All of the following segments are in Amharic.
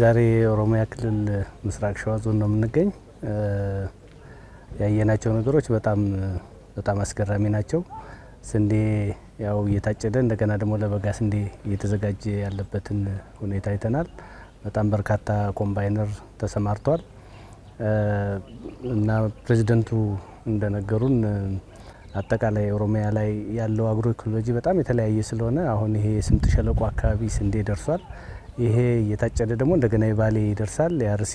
ዛሬ ኦሮሚያ ክልል ምስራቅ ሸዋ ዞን ነው የምንገኝ። ያየናቸው ነገሮች በጣም በጣም አስገራሚ ናቸው። ስንዴ ያው እየታጨደ እንደገና ደግሞ ለበጋ ስንዴ እየተዘጋጀ ያለበትን ሁኔታ አይተናል። በጣም በርካታ ኮምባይነር ተሰማርቷል እና ፕሬዚደንቱ እንደነገሩን አጠቃላይ ኦሮሚያ ላይ ያለው አግሮ ኢኮሎጂ በጣም የተለያየ ስለሆነ አሁን ይሄ የስምጥ ሸለቆ አካባቢ ስንዴ ደርሷል። ይሄ እየታጨደ ደግሞ እንደገና የባሌ ይደርሳል የአርሲ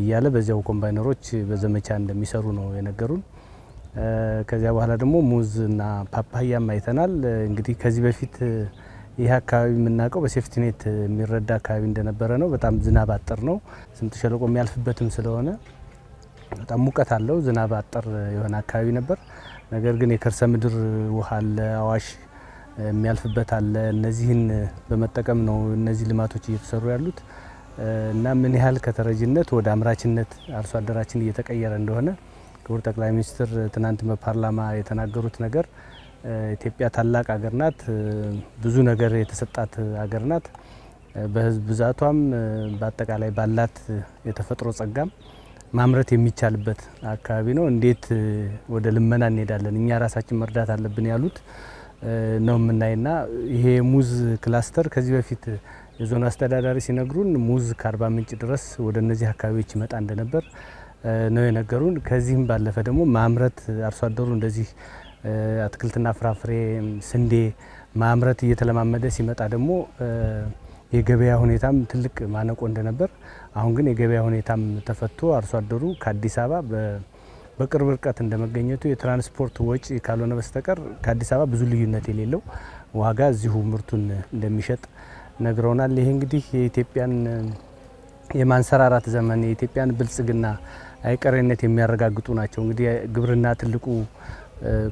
እያለ በዚያው ኮምባይነሮች በዘመቻ እንደሚሰሩ ነው የነገሩን። ከዚያ በኋላ ደግሞ ሙዝ እና ፓፓያም አይተናል። እንግዲህ ከዚህ በፊት ይህ አካባቢ የምናውቀው በሴፍቲኔት የሚረዳ አካባቢ እንደነበረ ነው። በጣም ዝናብ አጠር ነው። ስምጥ ሸለቆ የሚያልፍበትም ስለሆነ በጣም ሙቀት አለው። ዝናብ አጠር የሆነ አካባቢ ነበር። ነገር ግን የከርሰ ምድር ውሃ አለ። አዋሽ የሚያልፍበት አለ። እነዚህን በመጠቀም ነው እነዚህ ልማቶች እየተሰሩ ያሉት እና ምን ያህል ከተረጅነት ወደ አምራችነት አርሶ አደራችን እየተቀየረ እንደሆነ ክቡር ጠቅላይ ሚኒስትር ትናንት በፓርላማ የተናገሩት ነገር ኢትዮጵያ ታላቅ ሀገር ናት። ብዙ ነገር የተሰጣት ሀገር ናት። በህዝብ ብዛቷም በአጠቃላይ ባላት የተፈጥሮ ጸጋም ማምረት የሚቻልበት አካባቢ ነው። እንዴት ወደ ልመና እንሄዳለን? እኛ ራሳችን መርዳት አለብን ያሉት ነው የምናይና ይሄ ሙዝ ክላስተር ከዚህ በፊት የዞን አስተዳዳሪ ሲነግሩን ሙዝ ከአርባ ምንጭ ድረስ ወደ እነዚህ አካባቢዎች ይመጣ እንደነበር ነው የነገሩን። ከዚህም ባለፈ ደግሞ ማምረት አርሶ አደሩ እንደዚህ አትክልትና ፍራፍሬ፣ ስንዴ ማምረት እየተለማመደ ሲመጣ ደግሞ የገበያ ሁኔታም ትልቅ ማነቆ እንደነበር፣ አሁን ግን የገበያ ሁኔታም ተፈቶ አርሶ አደሩ ከአዲስ አበባ በቅርብ ርቀት እንደመገኘቱ የትራንስፖርት ወጪ ካልሆነ በስተቀር ከአዲስ አበባ ብዙ ልዩነት የሌለው ዋጋ እዚሁ ምርቱን እንደሚሸጥ ነግረውናል። ይሄ እንግዲህ የኢትዮጵያን የማንሰራራት ዘመን የኢትዮጵያን ብልጽግና አይቀሬነት የሚያረጋግጡ ናቸው። እንግዲህ ግብርና ትልቁ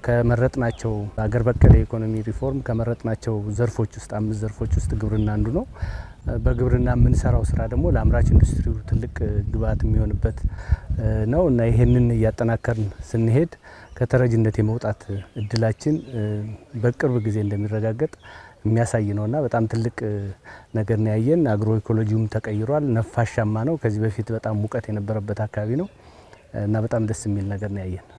ከመረጥናቸው አገር በቀል የኢኮኖሚ ሪፎርም ከመረጥናቸው ዘርፎች ውስጥ አምስት ዘርፎች ውስጥ ግብርና አንዱ ነው። በግብርና የምንሰራው ስራ ደግሞ ለአምራች ኢንዱስትሪው ትልቅ ግብዓት የሚሆንበት ነው እና ይህንን እያጠናከርን ስንሄድ ከተረጅነት የመውጣት እድላችን በቅርብ ጊዜ እንደሚረጋገጥ የሚያሳይ እና በጣም ትልቅ ነገር ነው ያየን። አግሮ ኢኮሎጂውም ተቀይሯል። ነፋሻማ ነው። ከዚህ በፊት በጣም ሙቀት የነበረበት አካባቢ ነው እና በጣም ደስ የሚል ነገር ነው ያየን።